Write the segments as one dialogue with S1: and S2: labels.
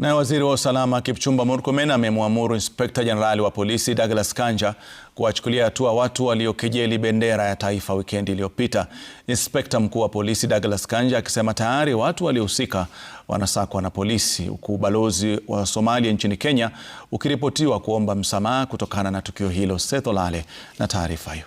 S1: Naye waziri wa usalama Kipchumba Murkomen amemwamuru inspekta jenerali wa polisi Douglas Kanja kuwachukulia hatua watu waliokejeli bendera ya taifa wikendi iliyopita. Inspekta mkuu wa polisi Douglas Kanja akisema tayari watu waliohusika wanasakwa na polisi, huku ubalozi wa Somalia nchini Kenya ukiripotiwa kuomba msamaha kutokana na tukio hilo. Seth Olale na taarifa hiyo.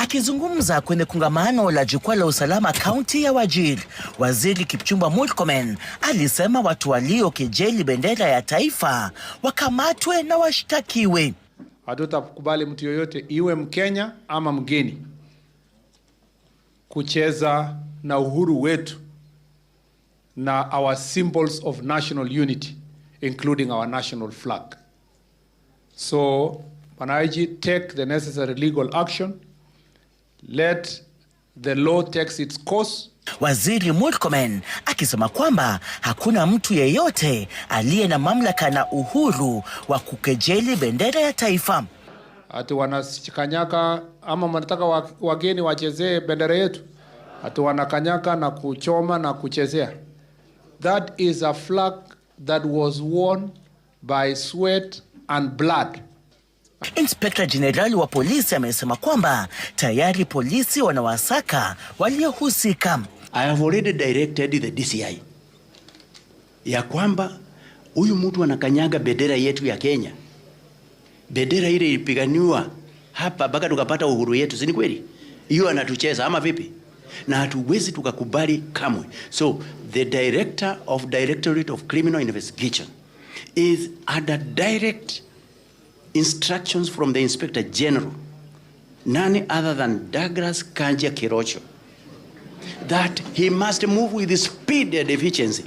S2: Akizungumza kwenye kongamano la jukwaa la usalama kaunti ya Wajir, waziri Kipchumba Murkomen alisema watu waliokejeli bendera ya taifa wakamatwe na washtakiwe.
S3: Hatutakubali mtu yoyote, iwe Mkenya ama mgeni, kucheza na uhuru wetu na our symbols of national unity including our national flag. So, wanaiji, take the necessary legal action Let the law takes its course.
S2: Waziri Murkomen akisema kwamba hakuna mtu yeyote aliye na mamlaka na uhuru wa kukejeli bendera ya taifa.
S3: Ati wanakanyaka ama wanataka wageni wachezee bendera yetu, ati wanakanyaka na kuchoma na kuchezea. That is a flag that was worn by sweat and blood.
S2: Inspekta Jenerali wa polisi amesema kwamba tayari polisi wanawasaka waliohusika.
S4: I have already directed the DCI ya kwamba huyu mtu anakanyaga bendera yetu ya Kenya, bendera ile ilipiganiwa hapa mpaka tukapata uhuru yetu, si kweli? Hiyo anatucheza ama vipi? na hatuwezi tukakubali kamwe. So the director of Directorate of Criminal Investigation is under direct instructions from the Inspector General, none other than Douglas Kanja Kirocho, that he must move with speed and efficiency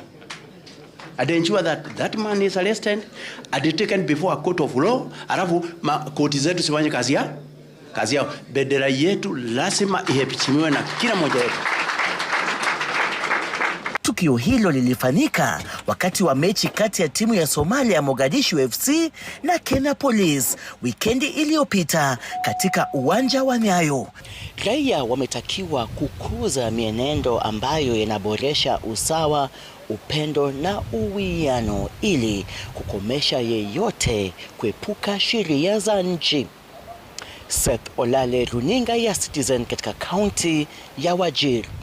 S4: and ensure that that man is arrested and taken before a court of law, alafu koti zetu sifanye kazi yao kazi yao. Bendera yetu lazima ihepichimiwe na kila mmoja wetu.
S2: Tukio hilo lilifanyika wakati wa mechi kati ya timu ya Somalia ya Mogadishu FC na Kenya Police wikendi iliyopita katika uwanja wa Nyayo. Raia wametakiwa kukuza mienendo ambayo inaboresha usawa, upendo na uwiano ili kukomesha yeyote kuepuka sheria za nchi. Seth Olale, runinga ya Citizen katika kaunti ya Wajir.